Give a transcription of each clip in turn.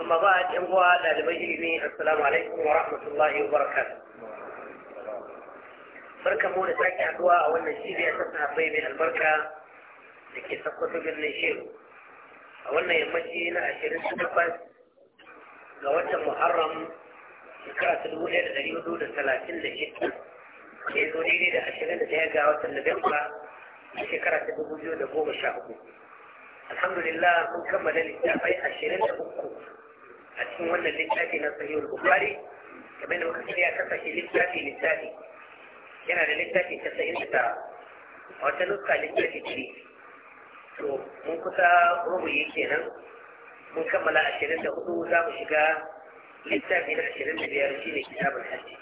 amma ba a ɗan uwa ɗaliban ilimi assalamu alaikum wa rahmatullahi wa barakatuh barka mu da sake haɗuwa a wannan cibiyar ta sahabbai mai albarka da ke sakkwato birnin shehu a wannan yammaci na ashirin da takwas ga watan muharram shekara ta dubu ɗaya da ɗari hudu da talatin da shida da ya zo daidai da ashirin da ɗaya ga watan nuwamba na shekara ta dubu biyu da goma sha uku alhamdulillah mun kammala littafai ashirin da uku a cikin wannan littafi na sahihul bukhari kamar da muka shirya kasa shi littafi littafi yana da littafi ta da tara a wata nuska littafi ce to mun kusa rubuye kenan mun kammala ashirin da hudu za mu shiga littafi na ashirin da biyar shi ne kitabun hajji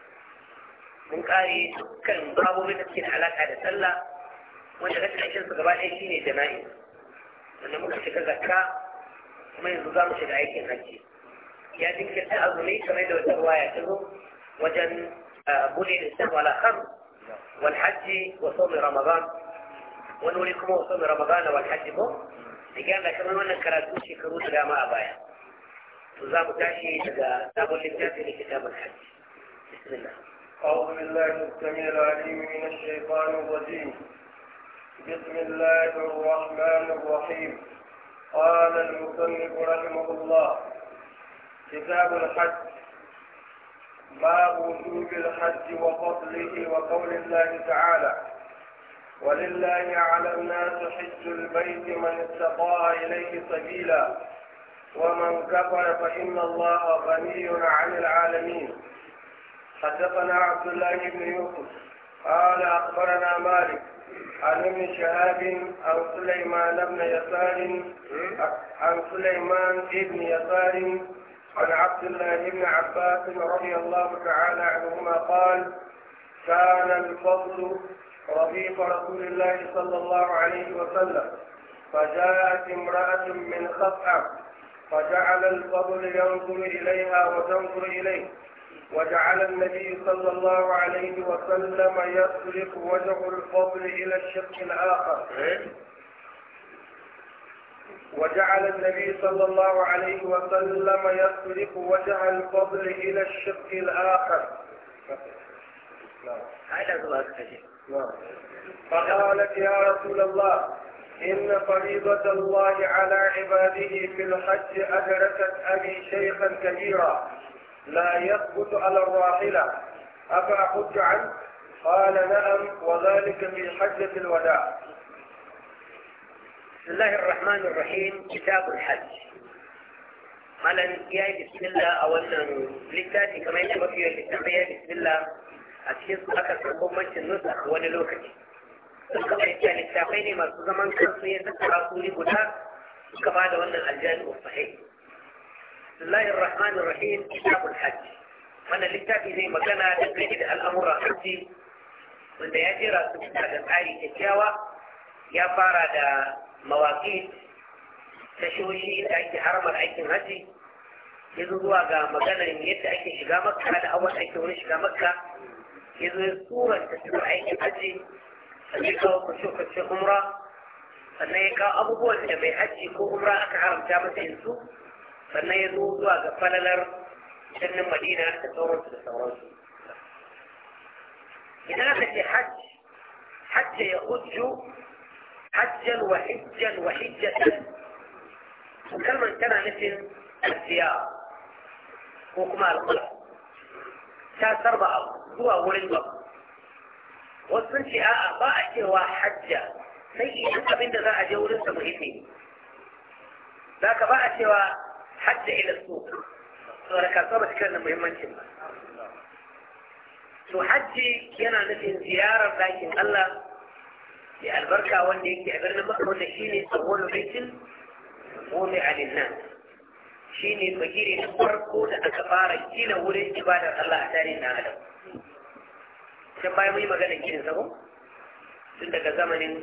mun kare dukkan babobin da suke da alaƙa da sallah wanda rashin aikin su gaba ɗaya shine jana'i wanda muka shiga zakka kuma yanzu za mu shiga aikin hajji ya jinkirta azumi kamar da wata ruwaya ta zo wajen bule da san wala kham wal hajji wa sawm ramadan wani wuri kuma wa sawm ramadan wal hajji ko da gyara kamar wannan karatu shekaru da dama a baya to za mu tashi daga sabon littafi ne kitabul hajji bismillah أعوذ بالله السميع العليم من الشيطان الرجيم بسم الله الرحمن الرحيم قال المصنف رحمه الله كتاب الحج باب وجوب الحج وفضله وقول الله تعالى ولله على الناس حج البيت من استطاع إليه سبيلا ومن كفر فإن الله غني عن العالمين حدثنا عبد الله بن يوسف قال أخبرنا مالك عن ابن شهاب عن سليمان بن يسار إيه؟ عن سليمان بن يسار عن عبد الله بن عباس رضي الله تعالى عنهما قال كان الفضل رفيق رسول الله صلى الله عليه وسلم فجاءت امرأة من خطأ فجعل الفضل ينظر إليها وتنظر إليه وجعل النبي صلى الله عليه وسلم يسلك وجه الفضل إلى الشق الآخر إيه؟ وجعل النبي صلى الله عليه وسلم يصرف وجه الفضل إلى الشق الآخر نعم. فقالت يا رسول الله إن فريضة الله على عباده في الحج أدركت أبي شيخا كبيرا لا يثبت على الراحلة أفأحج عنه قال نعم وذلك في حجة الوداع بسم الله الرحمن الرحيم كتاب الحج مالن يا بسم الله اولا لتاتي كما يجب في الكتاب يا بسم الله أتشيز أكثر سنقوم من النسخ ونلوكت سنقوم يجب للتابين ما سزمان كنسو يتسر رسولي قدا كما هذا وانا الجانب الصحيح بسم الله الرحمن الرحيم كتاب الحج وانا لتاتي زي ما كان تجريد الأمر الحجي wanda ya jera su da tsari kyakkyawa ya fara da mawaƙi tashoshi da ake haramar aikin haji ya zo zuwa ga maganar yadda ake shiga makka da awon ake wani shiga makka ya zo ya tsoron tasirar aikin haji sannan ya kawo kwashe-kwashe umra sannan ya kawo abubuwan da mai haji ko umra aka haramta masa yanzu sannan ya zo zuwa ga falalar birnin madina da sauransu da sauransu idan aka ce hajj hajj ya hujju حجا وحجا وحجة وكل من كان نسم الزيار وكما القلع كان سربع هو اول الوقت وصل شيء أربعة هو حجة سيء حتى بند ذا أجول سمهتين ذاك أربعة هو حجة إلى السوق ولك أصابة كان مهما جدا تحجي كان نسم زيارة لكن الله mai albarka wanda yake a birnin maka wanda shi ne tsawon baitin wani alinnan shi ne bagire na farko da aka fara gina wurin ibadar Allah a tarihin na adam can bayan mun yi magana ginin sabo tun daga zamanin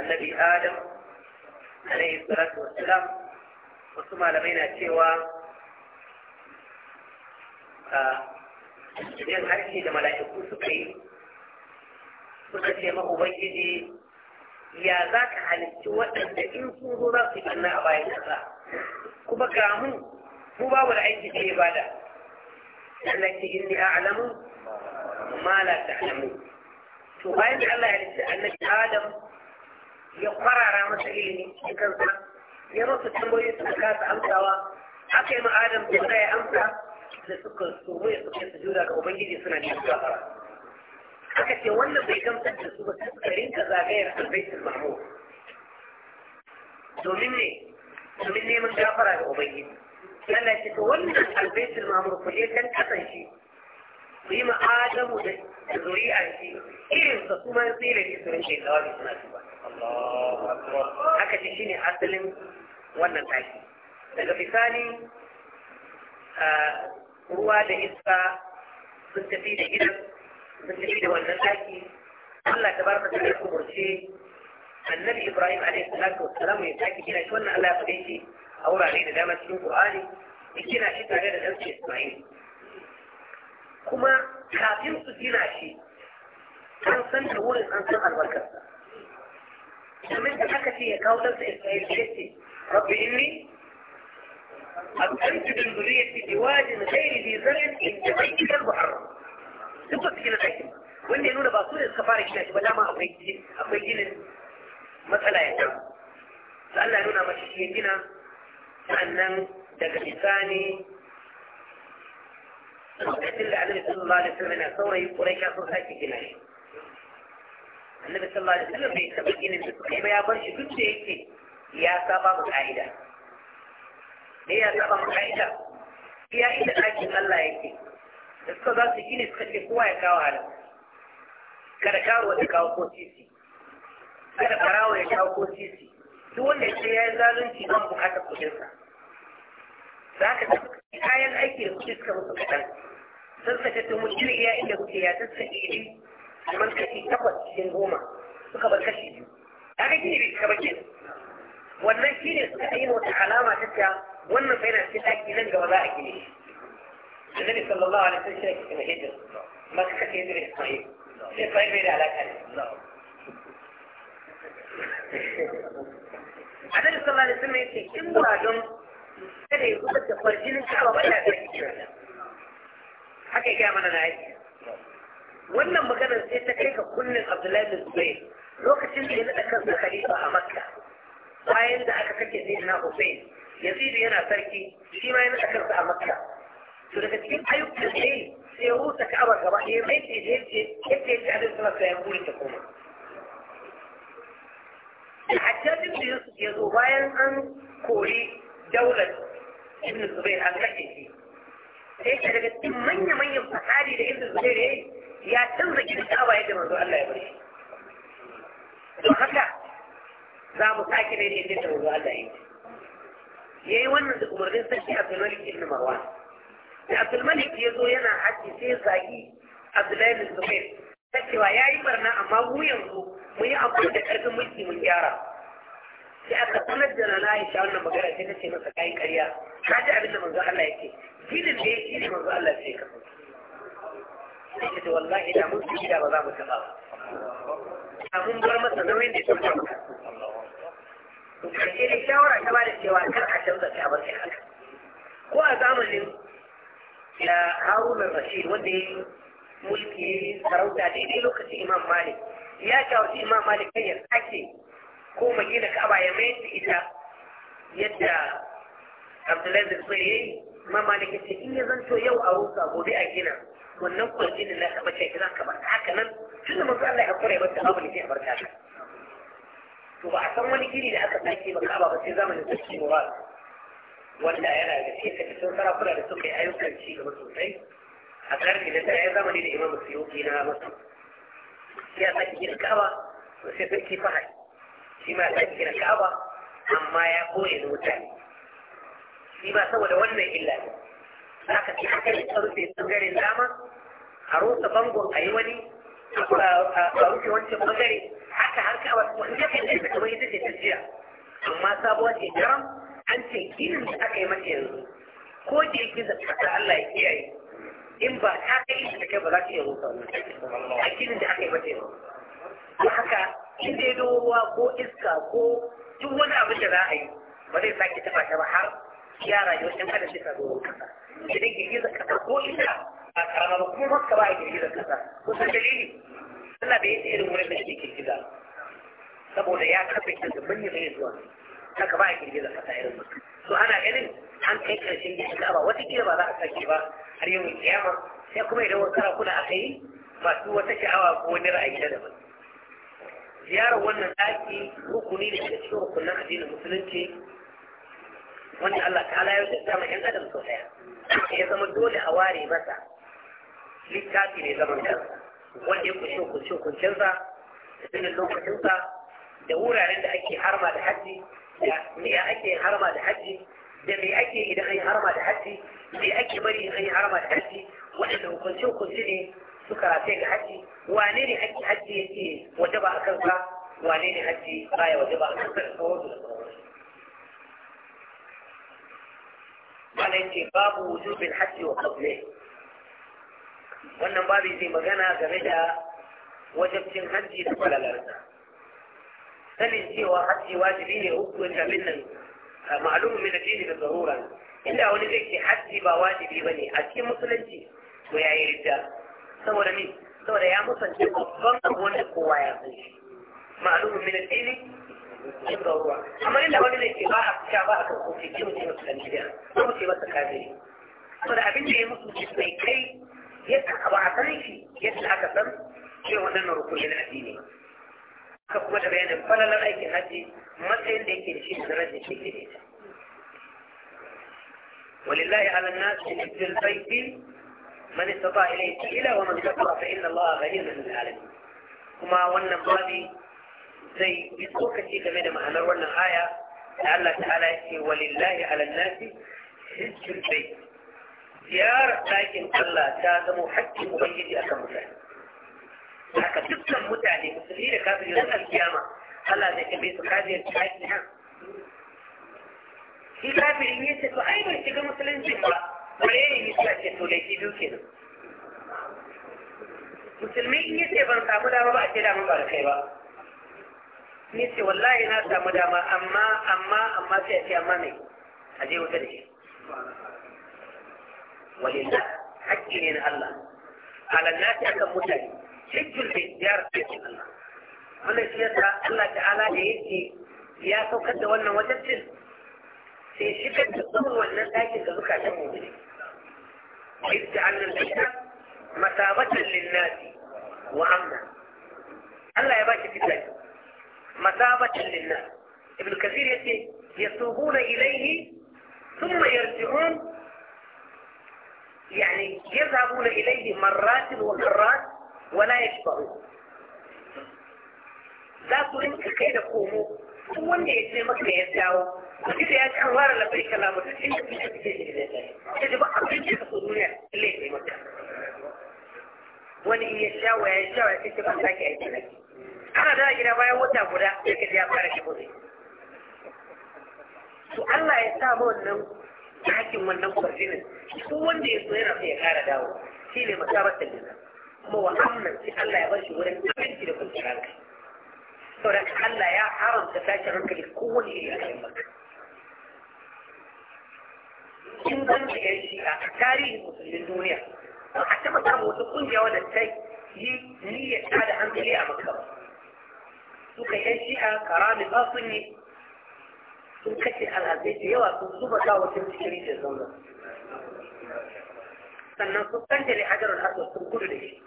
annabi adam alaihi salatu wassalam wasu malamai na cewa yin harshe da mala'iku suka yi suka ce ma ubangiji ya za ka halitti waɗanda in sun zo za su yi a bayan ƙasa kuma ga mu mu babu da aiki da ibada Allah ce a a'lamu ma la alamu. to bayan da Allah ya halitti annabi Adam ya kwarara masa ilimi cikin kansa ya masa tambayoyi suka kasa amsawa aka yi ma Adam tambaya amsa da suka so ya su sujuda ga ubangiji suna da aka ce wannan bai gamsar da su ba sai suka rinka zagayar albaitul mahmud domin ne domin neman gafara ga ubangiji Allah ce to wannan albaitul mahmud ku je kan kasan shi ku yi ma adamu da a shi irin sa kuma sai da shi su rinke jawabi suna tuba haka ce shi ne asalin wannan taki daga bisani ah, ruwa da iska sun tafi da gidan sun tafi da wannan daki Allah ta barka ta umurce annabi Ibrahim alaihi salatu wassalam ya saki gina shi wannan Allah ya faɗe shi a wurare da dama cikin a ya gina shi tare da ɗansa Isma'il kuma kafin su gina shi an san da wurin an san albarkarsa aka ce ya kawo ɗansa Isma'il ya ce rabbi بواد غير ذي زرع عند بيتك المحرم duk wasu gina ɗakin wanda ya nuna ba su ne suka fara gina shi ba dama akwai ginin matsala ya ta su Allah nuna mashi shi ya gina sannan daga bisani da Annabi sallallahu alaihi wasallam yana saurayi kurai sun sake gina shi Annabi sallallahu alaihi wasallam bai taɓa ginin da ba ya bar shi duk da yake ya saba mu ka'ida me ya saba mu ka'ida iya inda ɗakin Allah yake da suka za su gini suka ce kowa ya kawo halin kada kawo ya kawo ko sisi kada karawa ya kawo ko sisi duk wanda ya ce ya yi zalunci don bukatar kudinsa za ka da kayan aiki da kuɗi suka musu kaɗan sun saka ta mutum iya inda kuke ya ta saka iri kamar kashi takwas cikin goma suka bar kashi biyu ta ga gini bai kaba gini wannan shi ne suka yi wata alama ta ta wannan fa cikin ɗaki nan gaba za a gine shi النبي صلى الله عليه وسلم شرك في الهجرة ما كانت هجرة قريب شيء قريب على كلمه النبي صلى الله عليه وسلم يقول كم مرادهم هذا يقول لك خرجين ان شاء الله ولا في حكي كام انا نعيش وانا مقابل سيدنا كيف كل عبد الله بن الزبير روح سيدي هنا تكرم الخليفة مكة وعند حكي سيدنا حسين يزيد هنا تركي فيما هنا تكرم مكة to daga cikin ayyukan ne sai rusa ka'aba gaba ɗaya mai ce je ce yadda ya ce a dinsa masa ya kuri ta koma A hajjajin da Yusuf ya zo bayan an kori daular ibn Zubair an kashe shi sai ke daga cikin manya-manyan fasari da ibn Zubair ya yi ya canza gidan ka'aba yadda manzo Allah ya bari don haka za mu sake ne da yadda manzo Allah ya yi ya yi wannan da umarnin sarki Abdulmalik ibn Marwan da abdulmalik ya zo yana haji sai zagi abdullahi bin zubair ta cewa ya yi barna amma mu yanzu mu yi abu da ƙarfin mulki mu gyara sai aka sanar da rana ya sha wannan magana sai ta ce masa kayi ƙarya ka ji abin da manzo Allah yake jinin da ya yi ne manzo Allah sai ka sai ka ce wallahi da mun ci gida ba za mu taɓa ba a mun bar masa nauyin da ya taɓa karshe da shawara ta ba da cewa kar a canza ta bar sai haka ko a zamanin da harunan rashid wanda ya mulki sarauta daidai lokacin imam malik ya shawarci imam malik kan ya sake ko magina ka'aba ya mayar da ita yadda abdullahi bin sai imam malik ya ce in ya zanto yau a rusa gobe a gina wannan kwarjinin na taɓa ce za ka bar haka nan tun da manzo Allah ya kore ba ta abu ne a barka to ba a san wani gini da aka sake ba ka'aba ba sai zamanin sarki mubarak wanda yana da cikin cikin sarakuna da suka yi ayyukan ci gaba sosai a ƙarfi da tara ya zamani da imamu suyuki na masu ya sake gina ka'aba to sai sarki fahari shi ma ya sake gina ka'aba amma ya koye da mutane shi ma saboda wannan illa ne za ka ci hankali ta rufe ɓangaren dama a rusa bangon a yi wani a rufe wancan ɓangare haka har ka'aba wani ya kan da ta kamar yadda ta jiya amma sabuwar ce jaram an ce irin da aka yi mata yanzu ko da yake da tsakar Allah ya kiyaye in ba ta kai shi da kai ba za ta iya rusa wannan a ginin da aka yi mata yanzu ko haka in dai ruwa ko iska ko duk wani abin da za a yi ba zai sake taba ta ba har ya rayuwa ɗan adam shi ka zo kasa idan da kasa ko ita a karama ba kuma ka ba a da kasa kusan dalili Allah bai yi irin wurin da ke girgiza saboda ya kafa ita da manyan mai zuwa haka ba a girgiza kasa irin mutum so ana ganin an kai karshen gidan ka'aba watakila ba za a sake ba har yau kiyama sai kuma idan wasu sarakuna aka yi masu wata sha'awa ko wani ra'ayi na daban ziyarar wannan ɗaki rukuni da ke cikin rukunan addinin musulunci wanda Allah ta ya da ma 'yan adam sau ɗaya ya zama dole a ware masa littafi ne zaman kansa wanda ya kunshi kunshi kunshinsa da sanin lokacinsa da wuraren da ake harma da hajji me ake harma da haji da me ake idan an yi harma da haji me ake bari an yi harma da haji waɗanda hukunci hukunci ne suka rafe ga haji wane ne haji haji yake waje ba a kansa wane ne haji baya waje ba a kansa da sauransu da sauransu wannan ce babu wujubin haji wa kable wannan babu zai magana game da wajabcin haji da kwalalarsa sanin cewa hajji wajibi ne hukuncin abin nan eh, ma'alumin min addini da zarura inda wani zai ce hajji ba wajibi ba ne a cikin musulunci to ya yi ridda saboda ni saboda ya musanci babban abu wanda kowa ya san shi ma'alumin min addini da zarura amma inda wani zai ce ba a fita ba a kan kofi ki mutum musulunci da ko mutum masa kafiri saboda abin da ya musulunci mai kai yadda ba a san shi yadda aka san cewa wannan rukuni na addini bayanin falalar aikin hajji matsayin da yake da shi da ولله على الناس حج البيت من استطاع إليه سبيلا ومن كفر فإن الله غني عن العالمين وما وانا بابي زي يسوك شيء كمان ما أنا وانا آية الله تعالى ولله على الناس حج البيت رب لكن الله حتى مؤيد اكرم أكمل haka dukkan mutane musulmi da kafin yau da kiyama Allah zai kabe su kafiyar taki nan shi kafin yi ce to ai bai shiga musulunci ba bare ne ya ce to da shi duke nan musulmi in ya ce ban samu dama ba a ce dama ba da kai ba ni ce wallahi na samu dama amma amma amma sai a ce amma mai a je wuta da shi walillah hakki ne na Allah alannati akan mutane cikin da ya cikin Allah wannan shi yasa Allah ta'ala da yake ya saukar da wannan wajen cin sai shigar da tsawon wannan ɗakin da suka ta mummuni ita annan bita masabatan linnasi wa amna Allah ya ba shi fitani masabatan linnasi ibn kasir yace yasubuna ilayhi thumma yarji'un يعني يذهبون إليه مرات ومرات wala ya shibaru za ku rinka kai da komo duk wanda ya ce maka ya dawo kuma da ya ci an ware labai kalamu da cin da kuka fice shi da ta ji ba a kan ce su duniya lalle ya maka wani in ya shawo ya shawo ya ce ban sake aiki na ana da gida bayan wata guda ya kaji ya fara shigo ne to Allah ya sa ma wannan hakin wannan kwarfinin duk wanda ya so yana so ya kara dawo shi ne masabar da kuma wa amnan sai Allah ya bashi shi wurin aminci da kwanciyar hankali saboda Allah ya haramta tashin hankali kowane iri a kan maka in ban da yan shi'a a tarihin musulmin duniya ba a taɓa samun wata ƙungiya wadda ta yi niyyar ta da hankali a makka ba suka yan shi'a karami ba sun yi sun kashe alhazai da yawa sun zuba sa wata cikin da zauna sannan sun kankare hajarul aswad sun gudu da shi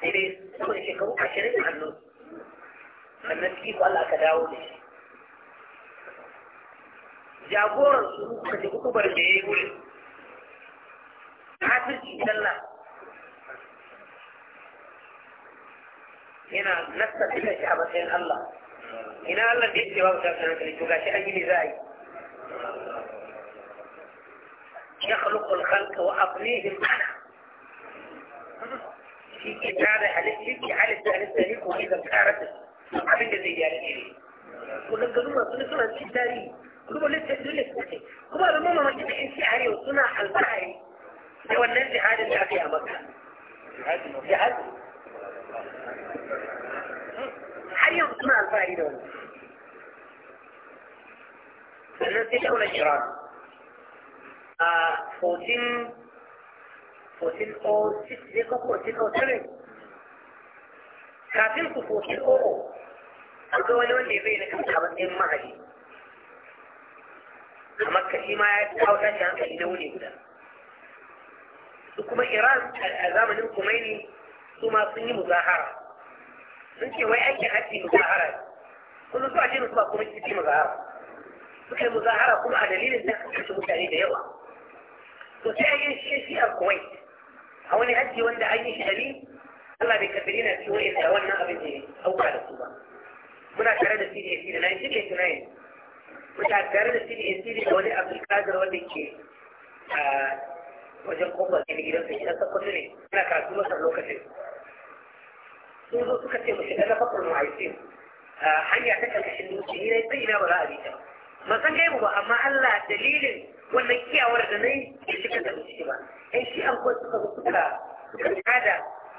sai dai saboda shekaru a da hannun sannan iko Allah ka dawo da shi jagoran su ka ji kukubar da ya yi wuri kafirci sallah yana nasta da shi a matsayin Allah ina Allah da ya ce ba mu tafi hankali to gashi an yi ne za a yi يخلق الخلق وأبنيهم أنا shi ke tare halitta ke halitta halitta ne ko ne da tsarata abin da zai gyara ne kullum ga nuna suna suna cin tarihi kuma littafi dole su ce kuma abin mamma mace da in shi'ar yau suna alfahari da wannan jihadin da aka yi a maka jihadi har yau suna alfahari da wannan sannan sai daular iran a 14 1406 ne ko 1407 kafin ku 1400 akwai wani wanda ya bayyana kan a matsayin mahali a makka shi ma ya kawo tashi hankali na wuni guda su kuma iran a zamanin kumaini su ma sun yi muzahara sun ce wai aikin hajji muzahara kullum su a jini kuma kuma kiti muzahara suka yi muzahara kuma a dalilin da suka kashe mutane da yawa to sai a yi shi a kuwait هوني أدي وندا عيني شهري الله بيكبرينا في وين الأول نقب إيه أو قال الصبا منا كرد السيدي السيدي نايم سيدي نايم وش عاد كرد السيدي السيدي هو اللي أبلي كادر هو اللي كي آه، وجه القبة اللي جرب فيها تقصني منا كاتب مصر لو كتير سوزو سكتي مش أنا بطل معيسين آه، حي أتكلم شنو شهيرة بينا ولا أبيته ما كان جايبه أما الله دليل ومن كي أورد نايم بشكل مستمر ai shi an ko suka suka suka tada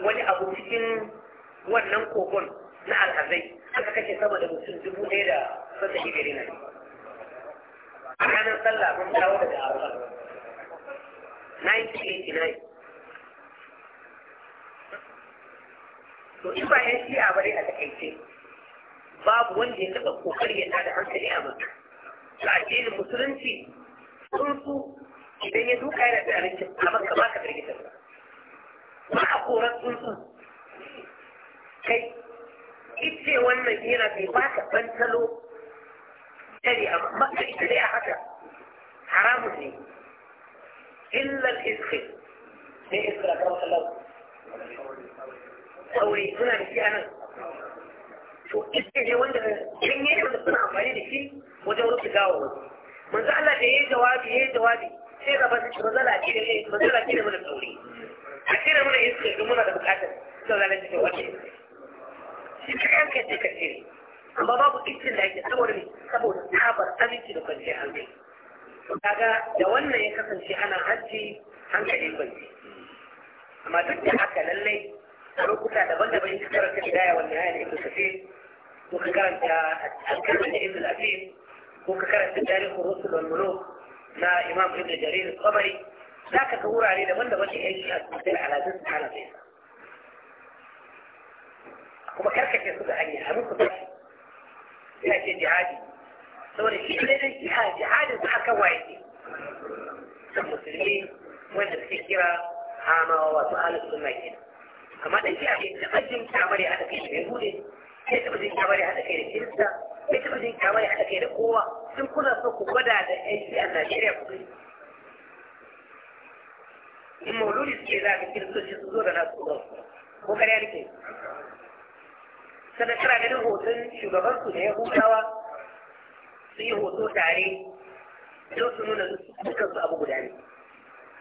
wani abu cikin wannan kogon na alhazai aka kashe sama da mutum dubu ɗaya da sassa ibiri na a ranar sallah mun dawo daga arba 1989 to in ba yan shi'a ba dai a takaice babu wanda ya taɓa kokari ya tada hankali a maka ga addinin musulunci sun su idan ya duka yana da abincin kamar ka baka firgitar ba ba a koran tsuntsu kai ice wannan yana bai baka bantalo tare a maka ita dai a haka haramun ne illa al-iskhi ne iskra kamar Allah sauri suna da shi anan to iske ne wanda kan yi wanda suna amfani da shi wajen rufe gawa manzo Allah da yayi jawabi yayi jawabi sai ka fasa shi ba zala ake da kai ba zala ake da mana sauri a cire mana iska don muna da bukatar sauraron cikin wani shi ka yanka ce ka cire amma babu iskin da ake saboda ne saboda tabar aminci da kwanciyar hankali kaga da wannan ya kasance ana hajji hankali kwanci amma duk da haka lallai a lokuta daban-daban in ka karanta bidaya wannan haya ne kusa ko ka karanta alkalmin da ibn al-afim ko ka karanta tarihin rusul wal muluk na imam ibn jarir al-qabri zaka ga wurare daban-daban da yake a cikin alazin ta'ala sai kuma karkace su da hanya a muku tashi ya ce jihadi saboda shi ne dai jihadi jihadin sa aka waye ne musulmi wanda suke kira hamawa wasu ahlus sunna ke amma dan shi a cikin ajin kamar ya hada kai da bude, sai da ajin kamar ya da kai da kirista bai taɓa jin kyamar haɗa kai da kowa sun kuna so ku gwada da aiki a Najeriya ku gani. In mauludi suke za ka kiristoci su zo da nasu ɗan ko ya rike? Sannan kana ganin hoton shugabansu da ya hutawa su yi hoto tare don su nuna dukkan su abu guda ne.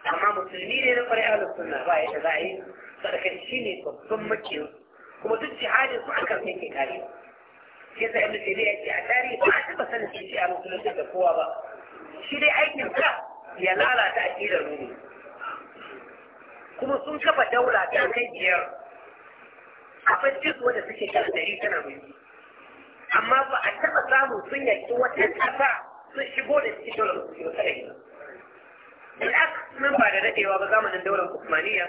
Amma musulmi ne na ƙwarai da suna ba yadda za a yi sadakan shi ne babban makiyar kuma duk jihadin su kai yake karewa. shi sai ibn tabi'a ce a tarihi ba a taba sanin shi a musulunci da kowa ba shi dai aikin ka ya lalata a aqidar mu kuma sun kafa daula ta kai biyar akwai duk wanda suke kan dari tana mulki amma ba a taba samun sun yaki wata kasa sun shigo da cikin daular musulunci ba kada Al'ak nan ba da daɗewa ba zamanin daular Usmaniya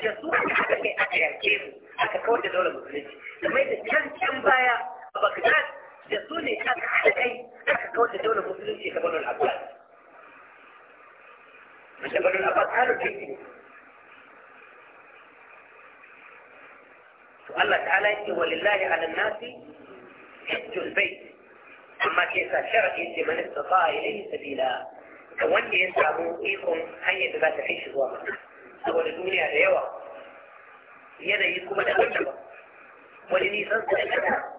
da su aka aka kai aka yake mu aka kawar da daular musulunci kamar da can can baya بغداد يصول الشام على كي تكون الدولة المسلمة كبنو العباس مش العباس قالوا الجيش الله تعالى ولله على الناس حج البيت أما كيف يجي من استطاع إليه سبيلا كون يسعبوا إيكم هيا بما تعيش الوضع أول الدنيا هذا يوى يدعيكم الأول ولنيسان سألتها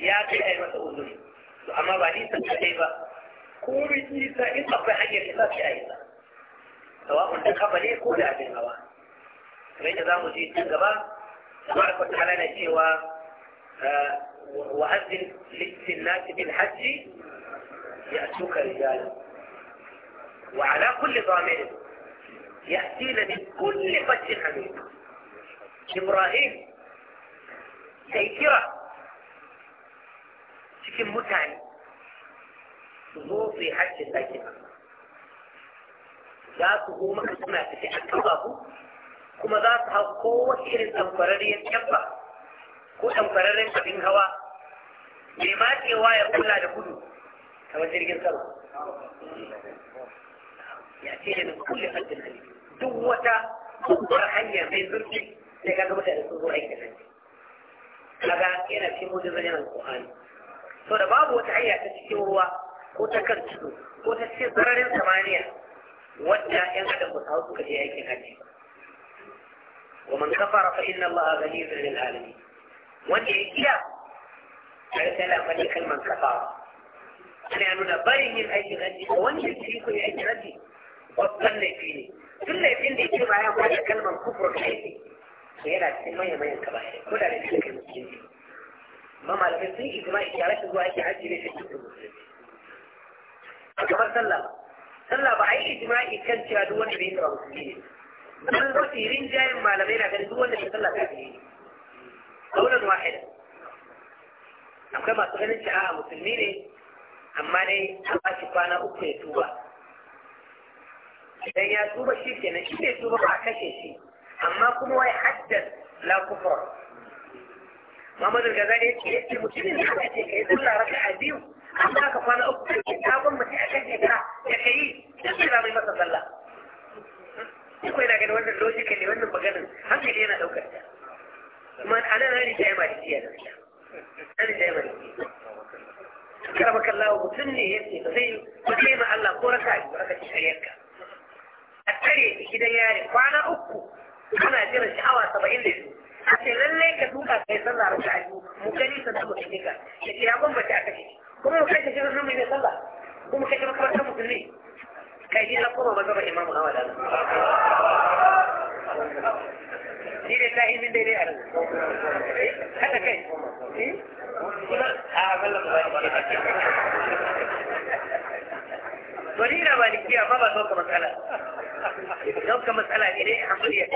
ya kai a yi masa uzuri to amma ba nisan ka kai ba ko bi nisa in akwai hanyar isa sai a yi sa sawa'un da kafa ne ko da abin hawa kamar yadda za mu je can gaba tabaraka ta'ala na cewa wa'azin lissin nasi bil hajji يأتوك رجالا وعلى كل ضامن يأتين من كل فج حميد إبراهيم سيكرة cikin mutane su zo su yi hajji sake za su zo maka suna fi a kan ku? kuma za su hau kowace irin tamfararriyar kyabba ko tamfararren abin hawa mai matsewa ya kula da gudu kamar jirgin sama ya ce da kulle hajjin hali duk wata babbar hanya mai zurfi sai ka gaba da sun zo aikin hajji kaga yana cikin mujizan yanar Qur'ani to da babu wata hanya ta cikin ruwa ko ta kan tudu ko ta cikin sararin samaniya wadda 'yan adam ba su kaje suka je aikin hajji wa man kafara fa inna allaha ghaniyyun lil alamin wanda ya kiya sai sai la kalman kafara ana nuna bayan yin aikin hajji Wani ya ci ko ya aikin hajji babban laifi ne Tun laifin da yake bayan fadi kalman kufur kai ne to yana cikin manyan manyan kaba ko da da cikin musulunci ma malamai sun yi jima'i ya rashin zuwa yake hajji ne shi ne kamar sallah sallah ba a yi jima'i kan cewa duk wanda bai yi sabon musulmi ne sun zo rinjayen malamai na gani duk wanda bai sallah ta yi kaunan wahid akwai masu ganin ci a musulmi ne amma ne a ba shi uku ya tuba idan ya tuba shi kenan shi ne tuba ba a kashe shi amma kuma wai haddan la kufur Muhammad al-Ghazali yake yake mutumin da aka ce kai kullu raka'a biyu amma ka kwana uku kake sabon mace a kan hijira ya kai sai da mai masa sallah ni ko ina ganin wannan logical ne wannan maganin hankali yana daukar ta kuma ana nan ne sai malikiya da shi an sai malikiya karabaka Allah mutum ne yake ba zai ba zai ma Allah ko raka'a biyu raka'a shari'arka a tare gidan yare kwana uku ana jiran sha'awa saba'in da biyu a ce lallai ka duka kai sallah raka a biyu mu gani sannan mu tafi ka ya ce ya bambanta aka ce kuma mu kai ka jirgin mai sallah kuma kai ka makarantar musulmi kai ji na kuma magaba imamu hawa da shi ne ta izin daidai a nan haka kai a zalla ba wani na maliki amma ba sauka matsala sauka matsala ne dai a muryar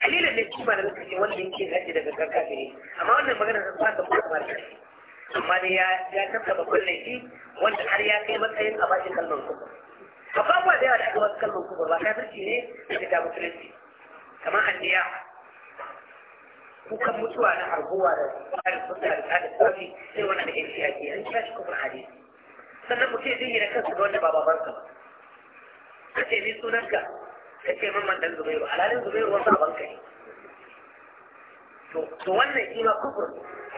kalilin da kima da suka ce wanda yake haji daga kanka ne amma wannan magana ta saka ba kamar ta amma ne ya ya tabba babban laifi wanda har ya kai matsayin a bashi kalmar kuma amma ba da yawa da aka wasu kalmar kuma ba kafirci ne da ta musulunci kamar anniya kukan mutuwa na harguwa da tsarin kusa da tsarin tsafi sai wannan da yanki ake an kira shi kuma hadisi sannan mutum zai yi na kansa ga wanda ba babansa ba ka ce ni sunanka ka ce mamman dan zubairu alhalin zubairu wasu abin kai to wannan shi ma kufur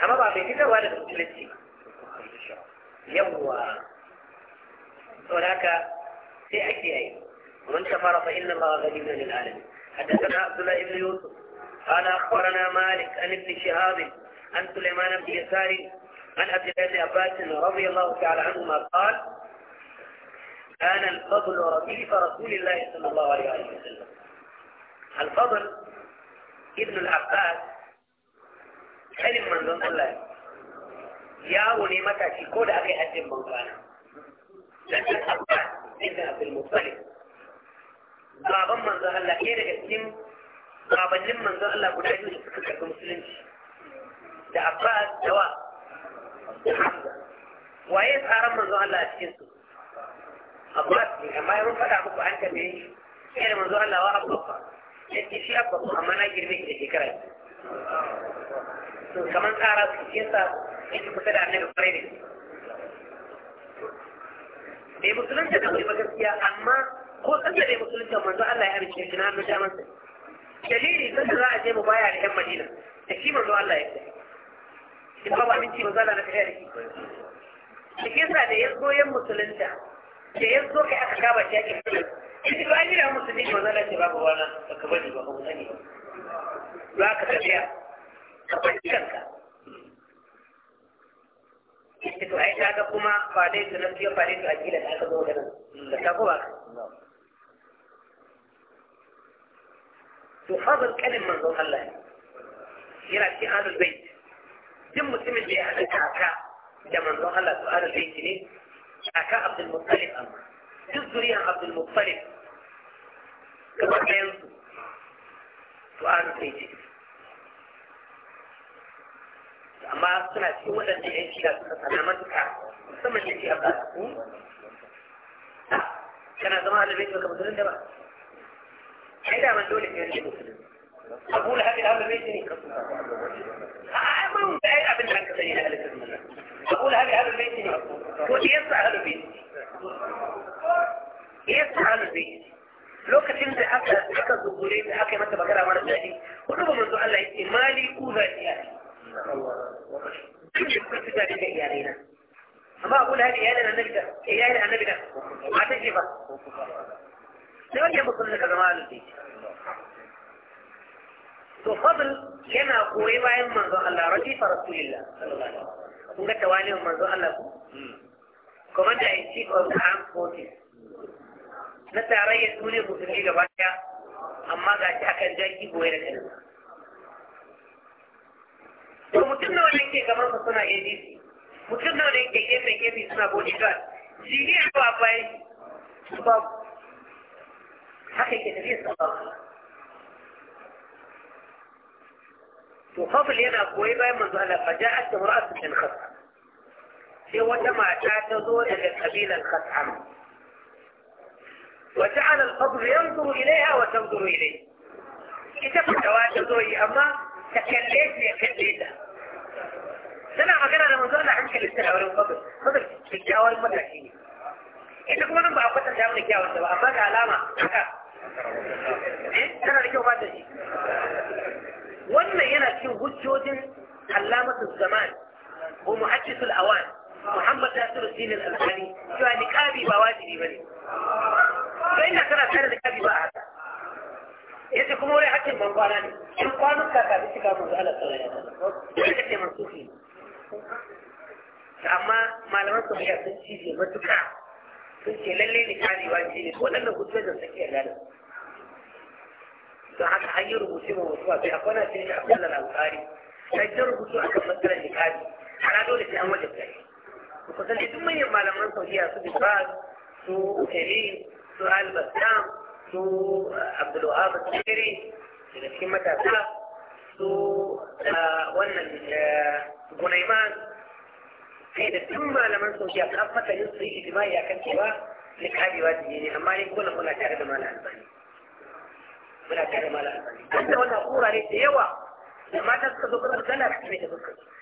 amma ba bai fitarwa da musulunci yawwa saboda haka sai ake yi ومن كفر فإن الله غني للعالمين حدثنا عبد الله بن يوسف قال أخبرنا مالك عن ابن شهاب عن سليمان بن يسار عن عبد الله بن عباس رضي الله تعالى عنهما قال كان الفضل رفيف رسول الله صلى الله عليه وسلم الفضل ابن العباس كلم من ذنب الله يا ونيمتا في كل أبي أجم من كان لكن أبقى ابن في المطلب غابا من ذنب الله كير أجم غابا لم من ذنب الله قد أجل سكتك المسلم دعباس جواب وحمد حرم من ذنب الله أجم Abbas ne amma ya faɗa muku an tambaye shi sai da manzo Allah wa abbaka yake shi abbaka amma na girme shi da shekara to kamar tsara su ke sa yake kusa da annabi kwarai ne bai musulunta da wani gaskiya amma ko sanda bai musulunta manzo Allah ya amince shi na hannun damansa dalili sanda za a je mu baya da yan Madina da shi manzo Allah ya kai in babu aminci manzo Allah na kai da shi shi ke sa da ya goyen musulunta da ya zo kai aka kama shi ake kula in ba ni da musulmi ne wannan ce babu wannan ba ka bari ba ba mu sani ba ka tafiya ka bari kanka ita to ai kaga kuma ba dai su nan ba dai su akila da aka zo da nan da ta ko ba to fadar kalin manzon Allah yana cikin ahlul bait duk mutumin da ya haɗa kaka da manzon Allah to ahlul bait ne أكاد عبد المطلب أمر ينظر إلى عبد المطلب كما ينظر سؤال كيف أما أصنع سوى الذي يعيش إلى أنا ما تكع ثم يجي أبدا كان زمان هذا البيت وكما تقول لما حيث أمن دولة في هذه المسلمة أقول هذه الأمر بيتني أعمل أبنى عنك سيدة أهل التدمير أقول هذه هذا البيت يقول يسعى إيه هذا البيت يسعى إيه هذا البيت لو كتن دي حكا حكا الزبولين حكا ما تبقر عمان الزهدي قلوا من دعال الله إتمالي كوذا أما أقول هذه إيانا أنا إيانا نبدا ما تجيبا لما يجب أن تصنعك كما قال البيت تفضل كما قوي وعين من ذو الله رجي فرسول الله صلى الله عليه وسلم kun ga tawalin manzo Allah ku commander in chief of the armed forces na tarayyar duniya musulmi gaba daya amma ga shi akan jaki goye da kanin to mutum nawa ne ke gaban sa suna ADC mutum nawa ne ke gefen gefe suna bodyguard shi ne ba su ba haka ke tafiya sallallahu alaihi وخاف اللي انا اقوي بقى منذ انا فجاءت امرأة من خطعة في وجمع شاعت دول القبيلة الخطعة وجعل الفضل ينظر اليها وتنظر اليه كتب الجواج دول اما تكليت لي تكليتا سنة مجرد انا منذ انا حمشي لسنة اولي مقبل فضل في الجواج مدركيني انكم انا بقى فتن جامل الجواج دول اما جعل hujjojin allamatul zaman ko muhaddisul awan Muhammad din Al-Albani ni kabi ba wajibi bane sai ina kana tare da kabi ba haka yace kuma wai hakkin ban kwana ne in kwanuka ka bi shiga mu Allah sallallahu alaihi wasallam kake mansufi amma malaman su ya sun ne matuka sun ce lalle niqabi wajibi ne ko nan hujjar da suke gani don haka an yi rubuce ma wasu wasu akwai na cikin akwai al'ukari na jin rubutu a kan matsalar nikari ana dole sai an wajen gari kusan da duk manyan malaman saudiya su bifas su ukari su al-bassam su abdulwahab tsiri daga cikin matasa su wannan gunaiman sai da duk malaman saudiya kan matsayin su yi ijimai akan cewa nikari wajibi ne amma ne kuma na muna tare da malam albani muna kare mala an da wannan kura ne da yawa da mata suka zo kusa tana da kime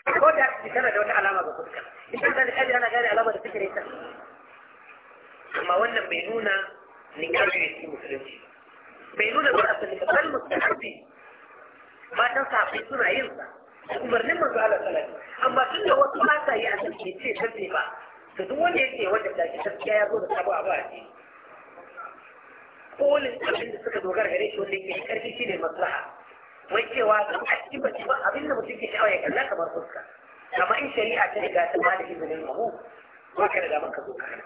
da ko da tana da wata alama ga kuka. in tana da kaji ana gane alama da fikire ta amma wannan bai nuna ni nikahi ne cikin musulunci bai nuna ba a sanin kamar musulunci matan safi suna yin sa umarnin manzo Allah sallallahu amma tun da wasu mata yi a cikin ce sabbi ba to duk wanda yake wanda da shi ya zo da sabo a ba a ciki kolin abin da suka dogara gare shi wanda yake karfi shine maslaha mai cewa ga aiki ba ba abin da mutum ke sha'awa ya kalla kamar fuska amma in shari'a ta riga ta ba da izinin abu ba ka riga maka zo kana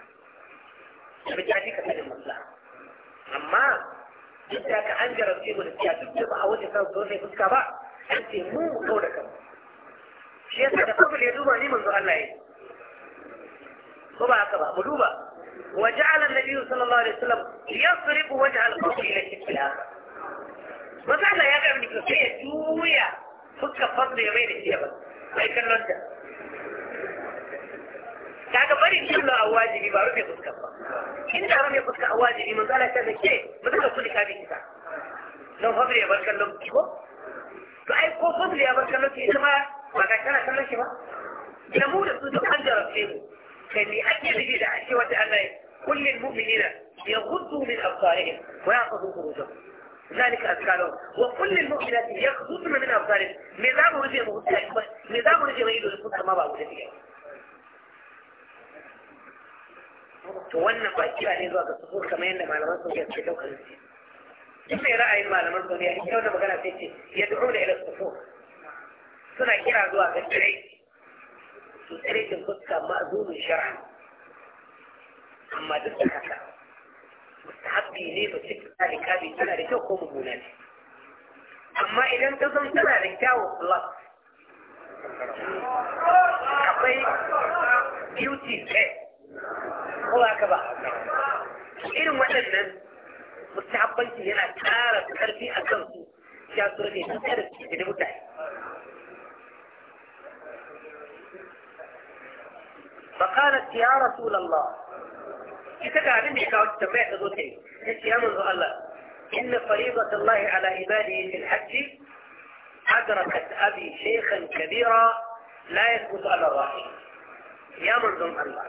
da ta ji ka sanin maslaha amma duk da ka an jarabce mu da cewa duk da ba a wuce kan ne fuska ba an ce mu mu kau da kanmu shi yasa da kuma ya duba ni manzo Allah ya ko ba haka ba mu duba وجعل النبي صلى الله عليه وسلم يصرف وجه القصير إلى الشرك الآخر ما قال يا ابن كثير جوية فك فضل يمين الشيبة أي كان لنجا كاكا بري كله أواجبي ما رمي فك كفا إنت رمي فك كأواجبي من قال كذا كي ما تقول كل كابي كتا لو فضل يبقى كلهم كيبو فأي فضل فضل يبقى كلهم كيبو ما كان كلهم كيبو جمهور السودان جرب كيبو كان لأجل بدعه وتأمين كل المؤمنين يغضوا من أبصارهم ويعطوا فروجهم ذلك أذكارهم وكل المؤمنات يغضون من أبصارهم. نظام رجل مغضى نظام رجل مغضى لفتر ما بعض رجل تونق أجيب عن إذواء التصور كما ينم على مصر يتكلم خلصين إما يرى عين ما على مصر يتكلم خلصين يدعون إلى التصور سنعكير عدواء التصور tsirgin fuska zuwa shar'a amma duk da haka mustahabbi ne ba cikin tsari kabi tana da kyau ko mummuna ne amma idan ta zan tana da kyawun plus akwai beauty test ko ba ka ba irin waɗannan mustahabbanci yana ƙara ƙarfi a kansu ya surfe sun kada da mutane فقالت يا رسول الله كتبعني كاو تبعت ذوتي يا رسول الله إن فريضة الله على عباده في الحج أدركت أبي شيخا كبيرا لا يثبت على الراحل يا منظم الله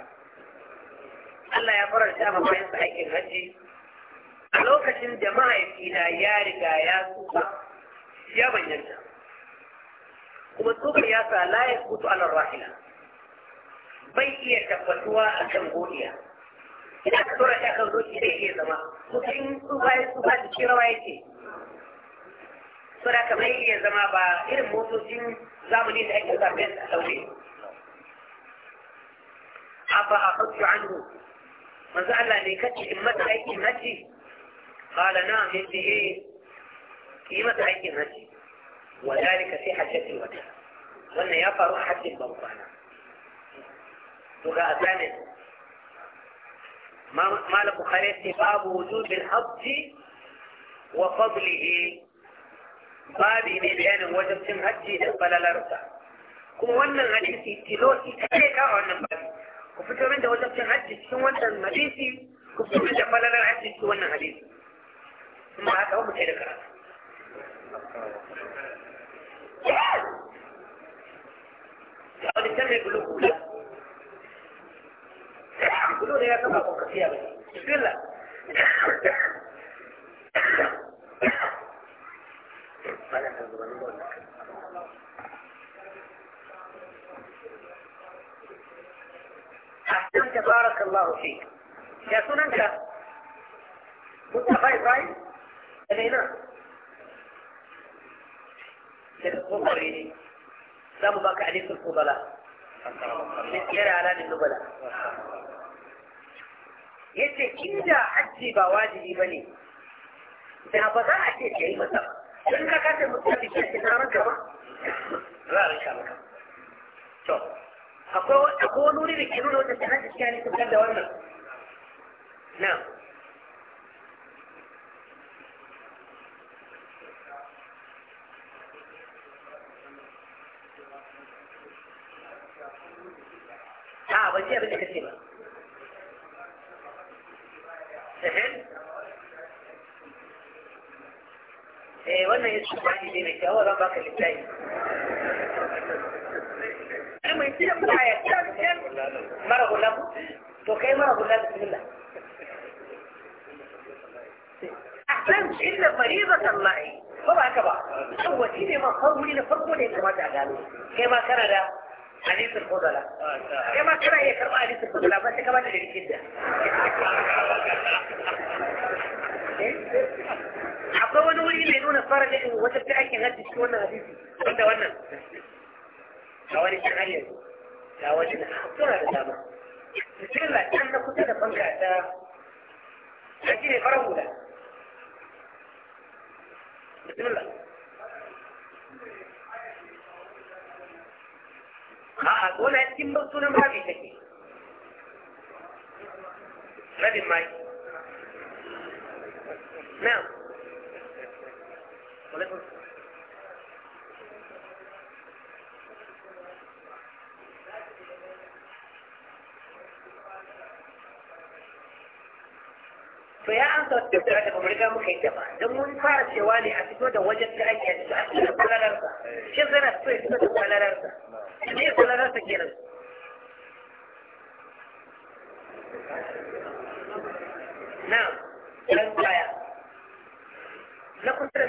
الله يا فرع سامة ما يصحيك الحج ألوك شن جماعة إلى يا رجا يا سوطة يا من ينجا ومتوب يا لا يثبت على الراحلة bai iya tabbatuwa a kan godiya Ina ka tura ta kan zuci da iya zama mutum tsufa ya tsufa da shi rawa yake saboda kamar iya zama ba irin motocin zamani da ake zaben a ɗaure? abba a kawci anhu manzu Allah ne kace in mata aikin haji qala na mace ya eh, yi mata aikin haji wa dalika sai hajjati wata wannan ya faru a hajjin bankwana مجازنه ما البخاري باب وجود الحظ وفضله باب دي بيان وجب تم حجي قبل الارض كم وانا الحديث تلوتي كيكا وانا باب كفتو من ده وجب تم حجي كم وانا الحديث كفتو من ده قبل الارض كم وانا الحديث ثم هذا هو مجد كرات يا قد تم يقولوا قلوا إيه؟ لي يا كما قلت يا بني بسم الله فلا أحسنت بارك الله فيك يا سننك مصطفى إبراهيم هنا للفضلين لا مباك عليك الفضلاء lissiyar halalin nubala ya ce inda hajji ba wajibi ba ne da ba za a ce ka yi masa in ka kasa mutum da ke na ranka ba za a ranka maka to akwai wani wuri da ke nuna wata sanar da shi ne kusan da wannan Na. لا بس يا بدك سهل ايه وانا يسمع عندي بيبك هو ده باكل اللي بتاعي لما يصير كل حاجه مره غلبه تو كاي مره غلبه بسم الله احسنت الا مريضه الله هو هكذا هو دي ما قوي لفرقه اللي ما تعمله كما كان ده hadisul fudala kai ma kana iya karɓa hadisul fudala ba sai ka bada da rikinta akwai wani wuri mai nuna fara da wata ta aikin hajji cikin wannan hadisi wanda wannan a wani kan hanyar ga wani na suna da dama cikin lafiyan na kusa da banka ta ta ne fara hula bismillah a'a gona cikin sunan babi take rabin mai na. to ya an sa da tare da riga muka yi gaba don mun fara cewa ne a fito da wajen da ake da ake da kwalararsa shi zana so ya fito da kwalararsa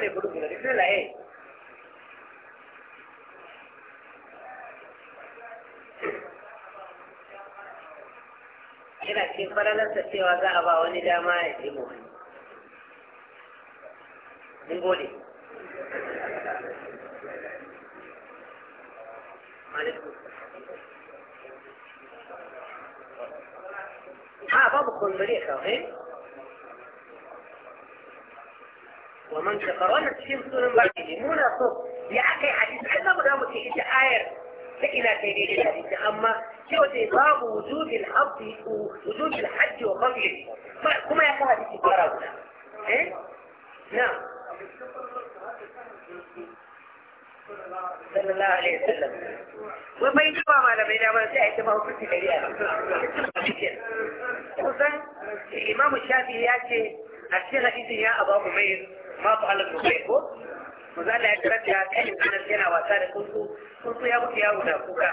de brújula, de la E. Yana cikin faralarsa cewa za a ba wani dama ya ce mu wani. Mun gode. Ha babu kumbure kawai. Maman cakar wata cikin sunan baƙi ne, mu na son ya kai Hadiza. Ya saba damu ke ita ayar ta ina ta yi daidai daɗi. Na amma yau sai babu jufin hajjo kamheni, kuma ya sa Hadiza ya fara guda. Na yana da shan kwallon da ta harka yake, sallallahu da yawa ce a yi kusan shigar shafi ya ce a cikin Hadiza ya abu abu mai ma ku Allah ku kai ko manzo Allah ya karanta ya kai Anas yana wasa da kuntu kuntu ya mutu yaro da kuka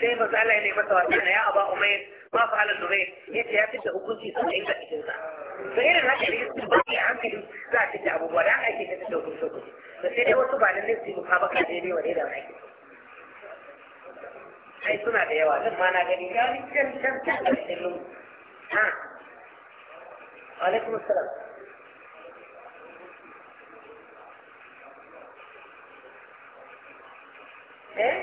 sai manzo Allah ya nemi masa wasa na ya aba umayr ma ku Allah ku kai yace ya fitta hukunci sun aika cikin sa to irin haka ne su ba ya hankali za a fitta abubuwa da ake ta fitta hukunci da sai dai wasu ba lalle su musabaka ne ne wa ne da wani ai suna da yawa zan ma na gani ya ni can can can a cikin lungu ha alaikum assalam eh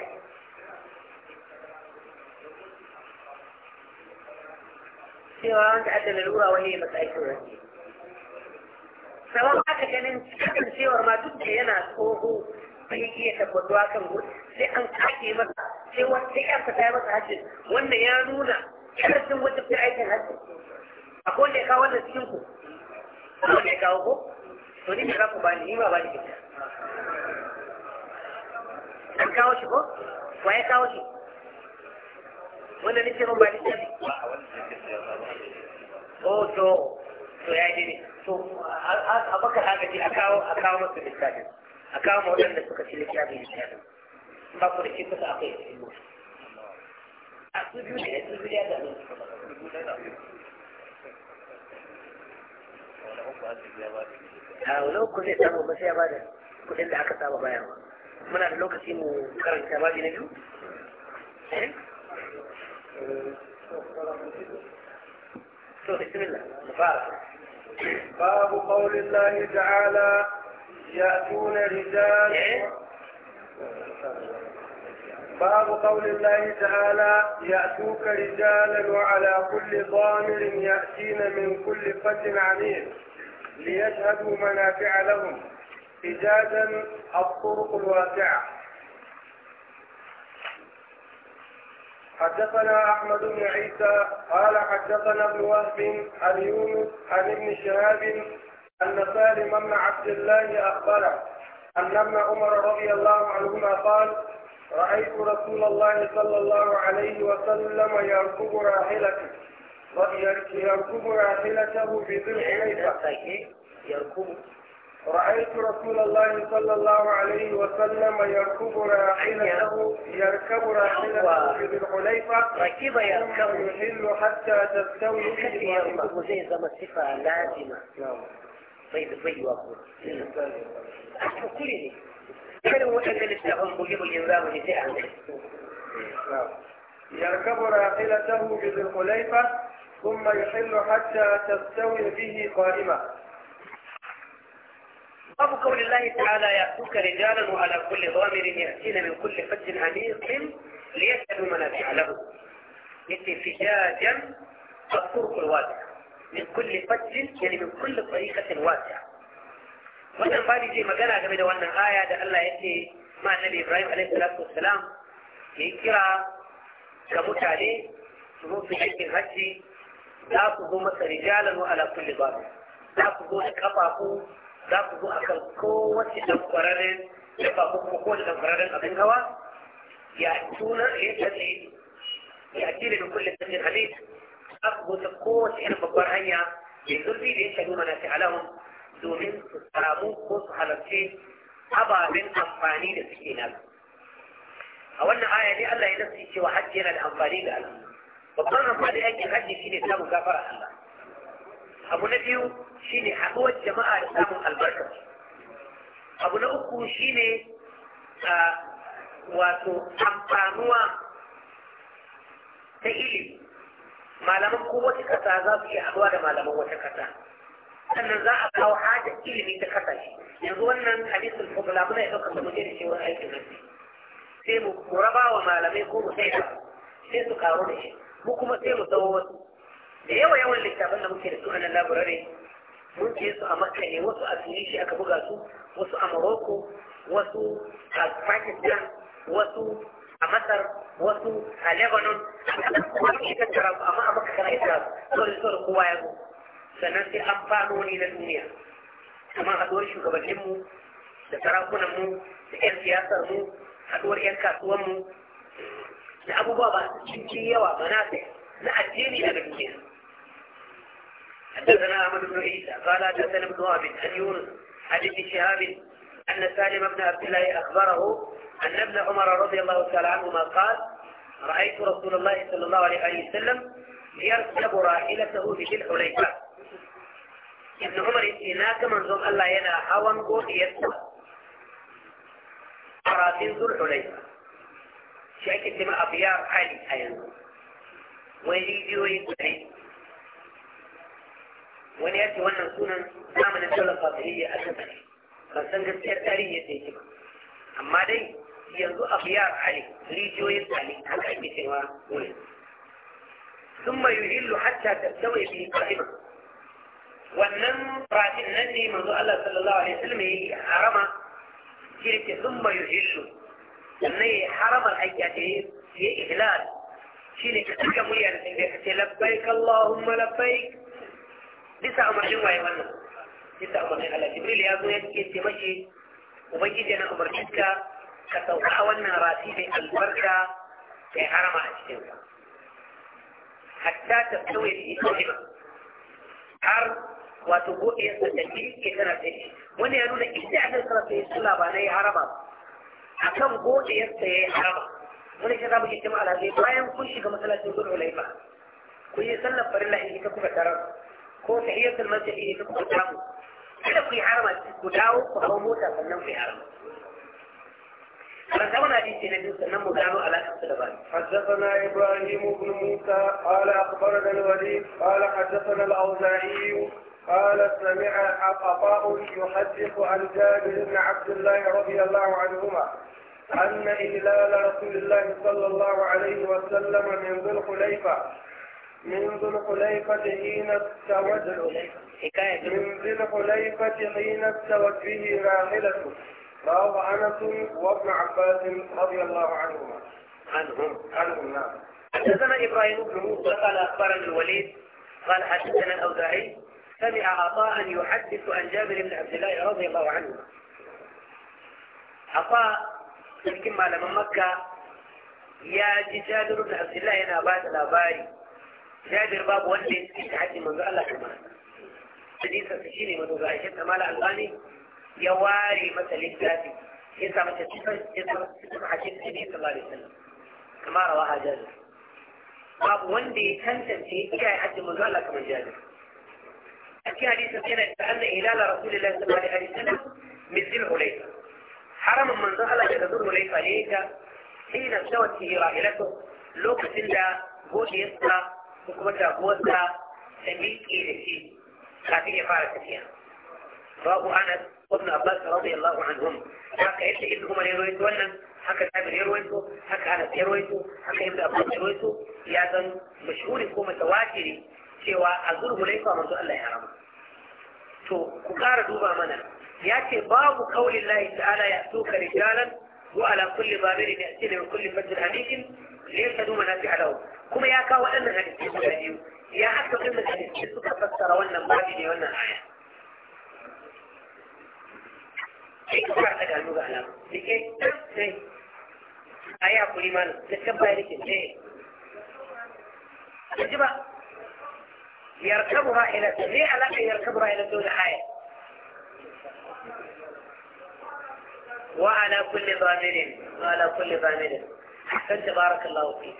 cewa wanda adana lalura wani ya masa aikin sabon saman ta ganin cewar ma duk da yana tsoho bai iya tabbatuwa kan gudu sai an kake masa sai wata ya yi masa hajji wanda ya nuna karfin wata fi aikin hajji A wanda ya kawo wannan cikin ku wanda ya kawo ko to ni ka ku ba ni ba ba ni an kawo shi ko wa ya kawo shi wanda nake mun ba ni tabi o to to ya yi ne to a baka agaji a kawo a kawo masa littafin a kawo ma waɗanda suka ci littafin littafin ba ku da shi kusa A cikin mutu a su biyu ne su biyu ya zaɓe a wani uku zai samu ba sai ya bada kuɗin da aka saba bayarwa muna da lokaci mu karanta babi na الله باب قول الله تعالى يأتون رجال إيه؟ باب قول الله تعالى يأتوك رجالا وعلى كل ضامر يأتين من كل فج عميق ليشهدوا منافع لهم إجازا الطرق الواسعة حدثنا أحمد بن عيسى قال حدثنا ابن وهب عن يونس عن ابن شهاب أن سالم بن عبد الله أخبره أن ابن عمر رضي الله عنهما قال رأيت رسول الله صلى الله عليه وسلم يركب راحلته يركب راحلته بذي الحليفة يركب رأيت رسول الله صلى الله عليه وسلم يركب راحلته يركب راحلته في الحليفة ركب يركب يحل حتى تستوي في يركب زي زي الصفة لازمة نعم طيب طيب أحسن نعم. كله كانوا وتجلسهم بجيب الإمام نساء نعم. يركب راحلته في الحليفة ثم يحل حتى تستوي به قائمة أبكر لله تعالى يأتوك رجالا وعلى كل ضامر يأتين من كل فج عميق ليسألوا منافع له اتفجاجا تذكرك الواسعة من كل فج يعني من كل طريقة واسعة وأنا بعد شيء ما قال أجمد وأن الآية ده الله يأتي مع النبي إبراهيم عليه الصلاة والسلام يكرى كموت عليه شروط في حج الهجي لا تظلم رجالا وعلى كل ضامر لا تظلم كطاقو دغه اکل قوه چې د قرارن په حکم کو د قرارن د هوا یا چون یې چې یې د ټول څه خلیق دغه د قوه چې په قرانیا د ذلبی دې چې موږ نه تعالو دوه سرابو خو حلقې ابا بن افانی د سکینال a wannan aya ne Allah ya nasi cewa hajji yana da amfani ga Allah babban amfani ake hajji shine samun gafara Allah abu na biyu shine haɗuwar jama'a da samun albarka abu na uku shine wato amfanuwa ta ilimi malaman wata ƙasa za su iya haɗuwa da malaman wata ƙasa sannan za a kawo hajar ilimi ta shi. yanzu wannan hadisul fugla muna ya ɗaukar samun da cewar aikin nasi sai mu raba wa malamai ko mu sai sai su karo da shi mu kuma sai mu tsawo wasu da yawa yawan littafin da muke da su a laburare mun je su a makka ne wasu a tunisia aka buga su wasu a morocco wasu a pakistan wasu a masar wasu a lebanon wani ita tara su amma a makka kana ita tara su saboda saboda kowa ya zo sannan sai an fano ne na duniya amma haɗuwar shugabanninmu da sarakunanmu da 'yan siyasarmu haɗuwar 'yan kasuwanmu da abubuwa ba su cinci yawa ba na na addini daga duniya حدثنا أحمد بن عيسى قال حدثنا ابن وهب عن يونس عن ابن شهاب أن سالم بن عبد الله أخبره أن ابن عمر رضي الله تعالى عنهما قال رأيت رسول الله صلى الله عليه وسلم يركب راحلته ذي الحليفة ابن عمر هناك منظوم الله ينا حوان قول يركب أراضين ذو الحليفة شاكت لما أبيار حالي أيضا ويجي ويجي wani ya ce wannan sunan zamanin daular fasihiyya a kan ne ban san gaskiyar tarihi yadda yake ba amma dai yanzu a biyar ali rijiyoyin ali haka ake cewa wani ثم يهل حتى تستوي به قائمة wannan rafin nan ne manzo Allah sallallahu alaihi wasallam ya harama shirke thumma yuhillu sannan ya harama aiki a ce ya ihlal shine ka tuka murya da sai ka ce labbaik allahumma labbaik bisa umarnin waye wannan bisa umarnin Allah Jibril ya zo ya ce mashi ubangiji na umarnin ka ka sauka a wannan rafi mai albarka ya harama a cikin sa hatta ta tsawe da ita har wato gobe ya tsaddaki ke tana tsaye wani ya nuna inda a nan sarrafa ya sula ba na ya harama a kan gobe ya tsaye ya harama wani shi zamu ke cima alhazai bayan kun shiga masallacin gudu laifa kun yi sallar farilla in ita kuka tarar ko في masjid ne في kun samu kada ku yi harama ku dawo ku hau mota sannan ku yi harama حدثنا إبراهيم بن موسى قال أخبرنا الوليد قال حدثنا الأوزاعي قال سمع عطاء يحدث عن جابر بن عبد الله رضي الله عنهما أن إهلال رسول الله صلى الله عليه وسلم من ذي الحليفة من الحليفة حين استوت حكاية من ذي الحليفة حين استوت به راحلته رواه أنس وابن عباس رضي الله عنهما عنهم عنهم نعم حدثنا إبراهيم بن موسى قال أخبرني الوليد قال حدثنا الأوزاعي سمع عطاء يحدث عن جابر بن عبد الله رضي الله عنه عطاء يمكن ما لما مكة يا جابر بن عبد الله أنا بعد الأباري جابر باب ولي تحدي من قال كمان ما حديث تشيني من عائشة مال الغاني يواري مثل ذاتي إذا ما تشوفه إذا حديث النبي صلى الله عليه وسلم كما رواها جابر باب ولي تنتم في إيه حد من قال لك من جابر في حديث سنة أن إلال رسول الله صلى الله عليه وسلم مثل حليفة حرم من ظهر لك تدور حليفة حين سوت في راحلته لوكس إلا هو يصنع ko kuma taguwarsa ta miƙe da shi kafin ya fara tafiya babu anas ibn abbas radiyallahu anhum haka yadda ibn umar ya rawaito wannan haka sabir ya rawaito haka anas ya rawaito haka ibn abbas ya rawaito ya zan mashhuri ko mutawatiri cewa a zurhulaika manzo Allah ya rama to ku ƙara duba mana ya ce babu kaulin lahi ta'ala ya tuka rijalan wa ala kulli babirin ya ce da kulli fajr alikin laysa duma nafi alahu kuma ya kawo waɗannan hadisi guda biyu ya haka wannan hadisi suka fassara wannan babi ne wannan aya sai ka fara daga hannu ga alamu da ke sai a yi hakuri malam da can baya da ke sai ji ba yarkabuha ila ne alaka yarkabuha ila dole aya وعلى كل ضامر وعلى كل ضامر أحسن تبارك الله فيك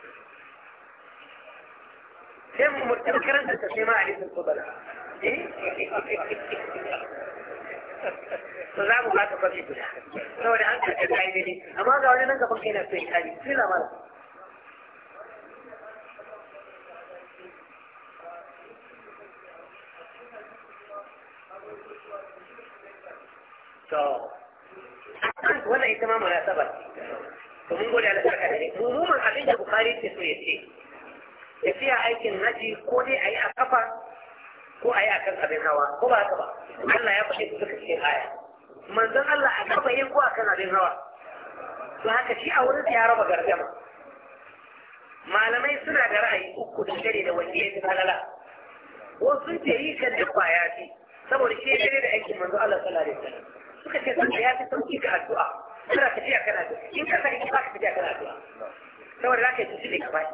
sai mu karanta ta sai ma a nisan kubala eh? to za mu ba ka fafi guda saboda an karɓi kayi daidai amma ga wani nan gaban kai na sai kari sai lamara to wannan ita ma munasaba ce to mun gode Allah sarka da mu mun abin da Bukhari ke so ya ce tafiya aikin haji ko dai a yi a kafa ko a yi a kan abin hawa ko ba haka ba Allah ya faɗi suka ce aya manzon Allah a kafa yin ko a kan abin hawa to haka shi a wurin ya raba gargama malamai suna da ra'ayi uku da dare da wanda ya fi halala wasu sun ce yi kan da ya fi saboda shi dare da aikin manzo Allah sallallahu alaihi wasallam suka ce sun ya fi sauki ga addu'a kana tafiya kana addu'a in ka sai ka tafiya kana addu'a saboda zaka yi shi ne ka bai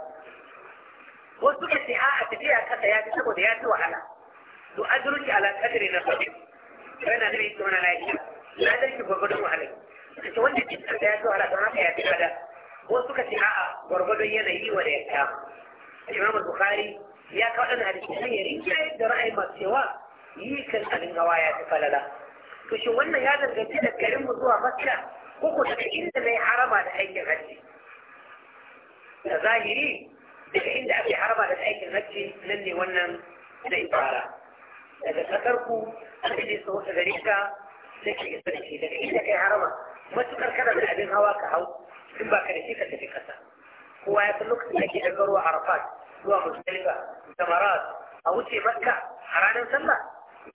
wasu ka ce a'a tafiya kasa ya fi saboda ya fi wahala to ajruki ala qadri na sabi kana nabi kuma na lafiya na dan ki gurgurdun wahala kace wanda ke kasa ya fi wahala don haka ya fi kada wasu ka ce a'a gurgurdun yanayi wa da ya kama Imam Bukhari ya kawo ɗan hadisi hanyar ya da ra'ayi masu cewa yi kan abin gawa ya fi falala. To shin wannan ya danganci da garin mu zuwa Makka ko ko daga inda na yi harama da aikin hajji. Da zahiri duk inda ake harba da aikin hajji nan ne wannan zai fara daga kasarku abin da wata gare ka sai ka isa da shi daga inda kai harama matukar kana da abin hawa ka hau in ba ka da shi ka tafi kasa kowa ya san lokacin da ke da garuwa arafat zuwa musdalifa samarat a wuce makka a ranar sallah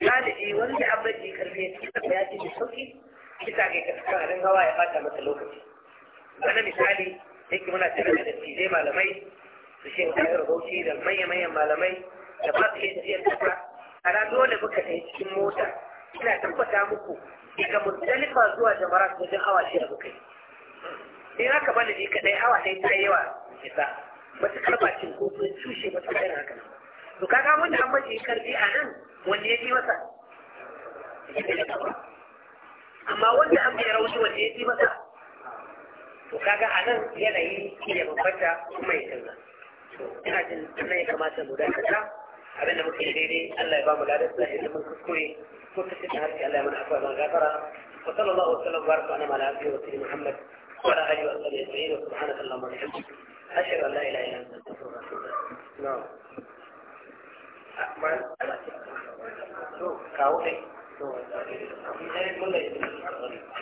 galibi wanda an baje karfe ya ci ya ci da sauki kisa ga kaskan abin hawa ya bata masa lokaci wannan misali yake muna tare da dattijai malamai su shi kakar da manya-manyan malamai da ba su iya tafiyar kasa ana dole muka tafi cikin mota ina tabbata muku daga muzdalifa zuwa su wajen awa da muka yi na haka bani ji kadai awa ɗaya ta yawa isa matukar bakin ko sun tushe matukar yin haka to kaga wanda an mace karɓi a nan wanda ya ji masa amma wanda an bai rauni wanda ya ji masa to kaga a nan yanayi ya ne bambanta kuma ya canza ina jin tunan ya kamata mu dakata abin da muke daidai Allah ya ba mu ladar da idan mun kuskure ko ta cikin harshe Allah ya mana afuwa mana gafara wa sallallahu alaihi wa sallam baraka ala mala abdi wa sayyidi muhammad wa ala alihi wa sahbihi ajma'in wa subhanaka allahumma wa bihamdik ashhadu an la ilaha illa anta astaghfiruka wa atubu ilaik na'am to kawo ne to mun ne mun ne